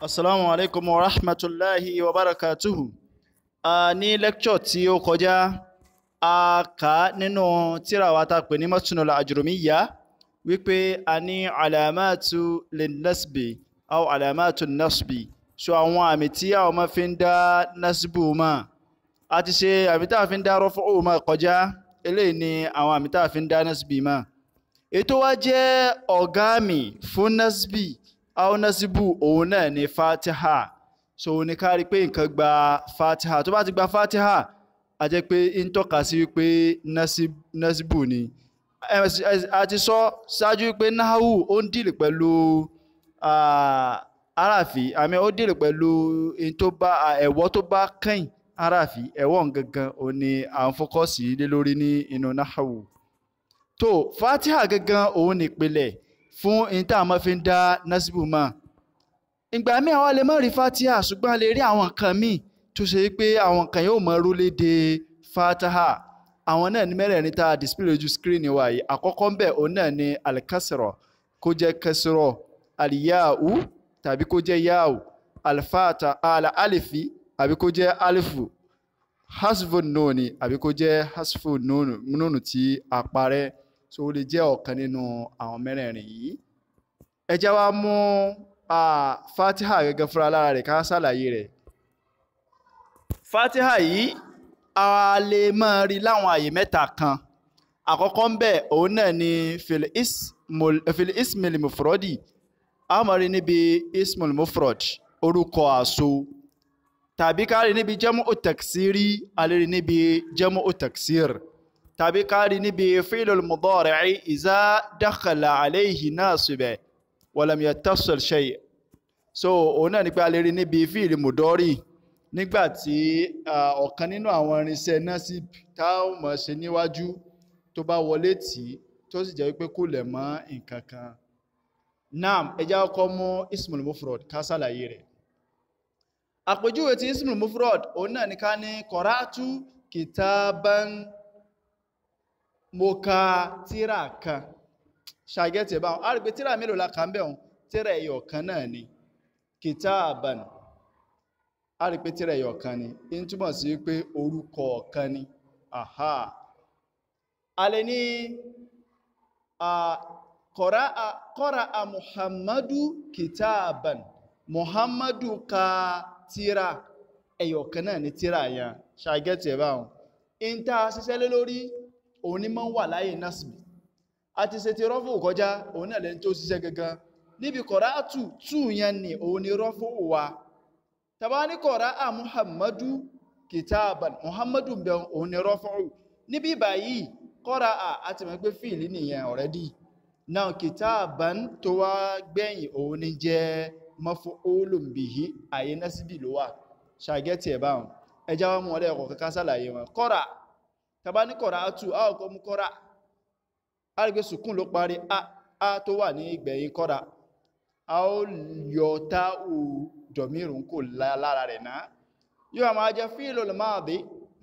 Assalamu alaikum wa rahmatullahi wa barakatuhu. A ní lecture tí ó kọjá, a kà nínú tírà wa ta pè ní Matunul Ajurumiyya wípé a ní alamatu linnasbi, au alamatu nasbi. So àwọn àmì tí a máa fi ń dá nasbu ma. A ti ṣe àmì tá a fi ń dá rọ́fọ́ ma kọjá, eléyìí ni àwọn àmì tá fi ń dá nasbi ma. Ètò wa jẹ́ ọ̀gá mi fún nasbi aonasibu òun náà ni fatiha so òun ni ká rí pé nǹkan gba fatiha tó bá ti gba fatiha a jẹ́ pé ń tọ́ka sí wípé nasibu ni a ti sọ ṣáájú wípé nahawu ó ń dìlì pẹ̀lú aráàfin àmì ó dìlì pẹ̀lú ẹ̀wọ́ tó bá kẹ́yìn aráàfin ẹ̀wọ́ gangan òun ni à ń fọ́kọ́ sí lé lórí ní inú nahawu tó fatiha gangan òun ni ìpìlẹ̀ fún ìta àmọ́ fi ń dá násìbù mọ́ ìgbà míì àwa lè má rí fatiha ṣùgbọ́n a lè rí àwọn nǹkan míì tó ṣe pé àwọn nǹkan yóò mọ rólédè fatiha àwọn náà ní mẹ́rẹ̀ẹ̀rin tá a display ojú screen wa yìí àkọ́kọ́ ń bẹ̀ òun náà ni alikasiro kó jẹ́ kasiro aliyahu tàbí kó jẹ́ yahu alifata ala alifi àbí kó jẹ́ alifu hasfun noni àbí kó jẹ́ hasfun nonu tí a parẹ́ so ó lè jẹ́ ọ̀kan nínú àwọn mẹ́rẹ̀ẹ̀rin yìí ẹ jẹ́ wá mú fatiha gẹ́gẹ́ fúnra lára rẹ̀ ká ṣàlàyé rẹ̀ fatiha yìí a lè máa rí láwọn àyè mẹ́ta kan àkọ́kọ́ ń bẹ̀ òun náà ni fil ismil mufrodi a máa rí níbi ismil mufrod orúkọ àṣọ tàbí ká rí níbi jẹ́mú ò tẹ̀sírí rí níbi jẹ́mú ò tàbí kárí níbi fílùl mudari' ìzá dakhala alayhi nasibun walam yattasil shay' so òun náà ni pé a lè rí níbi fíìlì mudari' nígbà tí ọ̀kan nínú àwọn irinṣẹ́ nasib táwọn mọ̀ ṣe níwájú tó bá wọlé tì í tó sì jẹ́ wípé kò lè mọ́ nǹkan kan naam ẹja ọkọ mú ismul mufrod ká ṣàlàyé rẹ̀ àpèjúwe ti ismul mufrod òun náà ni ká ní qara'tu kitaban mo ka tíra kan ṣàgẹ́tì ẹ̀ báwọn a rí pé tíra mélòó la kà ń bẹ̀ wọn tíra ẹ̀yọ̀ kan náà ni kìtàbàn a rí pé tíra ẹ̀yọ̀ kan ni in túmọ̀ sí pé orúkọ kan ni aha a ní kọ́ra a muhammadu kìtàbàn muhammadu ka tíra ẹ̀yọ̀ kan náà ni tíra yẹn ṣàgẹ́tì ẹ̀ báwọn in ta ṣiṣẹ́ lé lórí òun ní máa ń wà láyé násìbì a ti ṣe ti rọ́fù kọjá òun náà tó ṣiṣẹ́ gangan níbi kọ̀rátù tù yẹn ni òun ni rọ́fù wa tàbá ní kọ̀rá à muhammadu kitaban muhammadu bẹ òun ni rọ́fù níbi báyìí kọ́ra à a ti mọ̀ pé nìyẹn already now kitaban tó wá gbẹ̀yìn òun ni jẹ́ mafu'ulun bihi àyè násìbì ló wà ṣàgẹ́tì ẹ̀ báwọn ẹjá wa mú ọlẹ́ẹ̀kọ̀ kankan sálàyé wọn kọ́ra à tàbá ní kọ̀rá àtù a ọkọ̀ mú kọ́rá a rí pé sùkún ló parí a tó wà ní ìgbẹ̀yìn kọ́rá a ó yọ tá ò dọ̀mírùn kò lára rẹ̀ náà yóò máa jẹ́ fílòl máàdì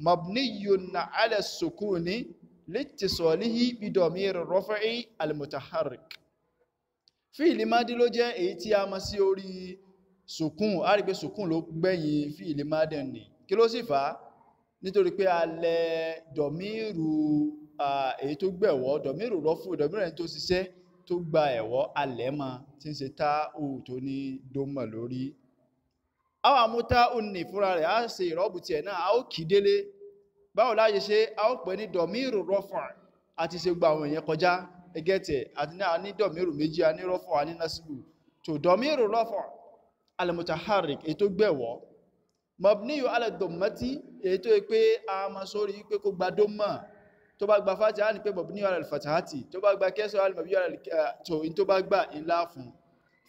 mabniyun ala sukuni litisolihi a mọ̀ sí orí sùkún a rí pé sùkún ló gbẹ̀yìn fíìlì nítorí pé alẹ́ dọ̀míìrù èyí tó gbẹ̀wọ́ dọ̀míìrù rọ́fù dọ̀míìrù ẹni tó ṣiṣẹ́ tó gba ẹ̀wọ́ alẹ́ mọ́ tí ń ṣe tá ò tó ní dómọ̀ lórí àwọn àmúta òní fúnra rẹ̀ á ṣe ìrọ́bù tiẹ̀ náà a ó kì í délé báwo láyé ṣe a ó pè ní dọ̀míìrù rọ́fù àti ṣe gba àwọn èèyàn kọjá ẹgẹ́tẹ̀ àti náà ní dọ̀míìrù méjì a ní rọ́fù a ní násìlù tó dọ̀míìrù rọ́fù alimutaharik èyí tó gbẹ̀wọ́ mọ̀bíníyù alẹ́dọ̀mọ́tí èyí tó yẹ pé a ma sórí pé kó gba dómà tó bá gba fàtí á ní pé mọ̀bíníyù alẹ́fàtàhátì tó bá gba kẹsọ̀ alẹ́mọ̀bíyù alẹ́tòyìn tó bá gba ńlá fún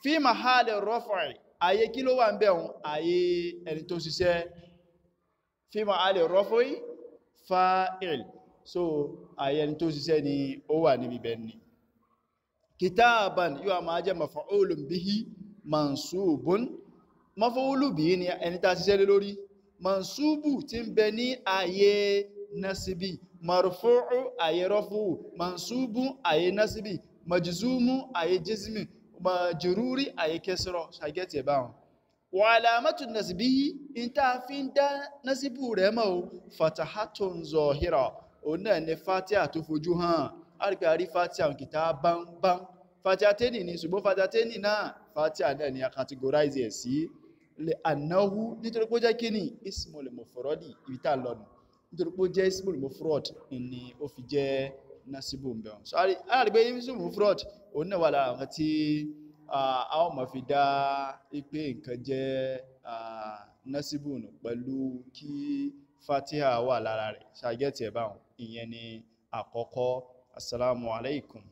fí ma ha lẹ̀ rọ́fàì ayé kí ló wà ń bẹ̀ wọn ayé yóò máa mọ́fọ́wúlù ni ní ẹni tá ṣiṣẹ́ lórí mansubu tí ń bẹ ní ààyè nasibi marfu'u ààyè rọ́fúù mansubu ààyè nasibi majizumu ààyè jizmi majururi ààyè kẹsìrọ̀ ṣàgẹ́tì ẹ̀báwọn wà alamatu nasibi yìí in tá fi ń dá nasibu rẹ̀ mọ́ fatia tó fojú hàn àríkà rí fatia òkìta fatia tẹ́nì ni ṣùgbọ́n fatia tẹ́nì náà fatia náà ni a categorize ẹ̀ sí lè ànáhú nítorí pé ó jẹ́ kí ni ismul mufradi ibi tá lọ́nà nítorí pé ó jẹ́ ismul mufrad ni ó fi jẹ́ nasibu ń bẹ̀rùn so aláàrí pé ismul mufrad òun náà tí a ó máa fi dá pé nǹkan jẹ́ nasibu nù pẹ̀lú kí fatiha wà lára rẹ̀ ṣàgẹ́tì ẹ̀ ìyẹn ni àkọ́kọ́ assalamu alaikum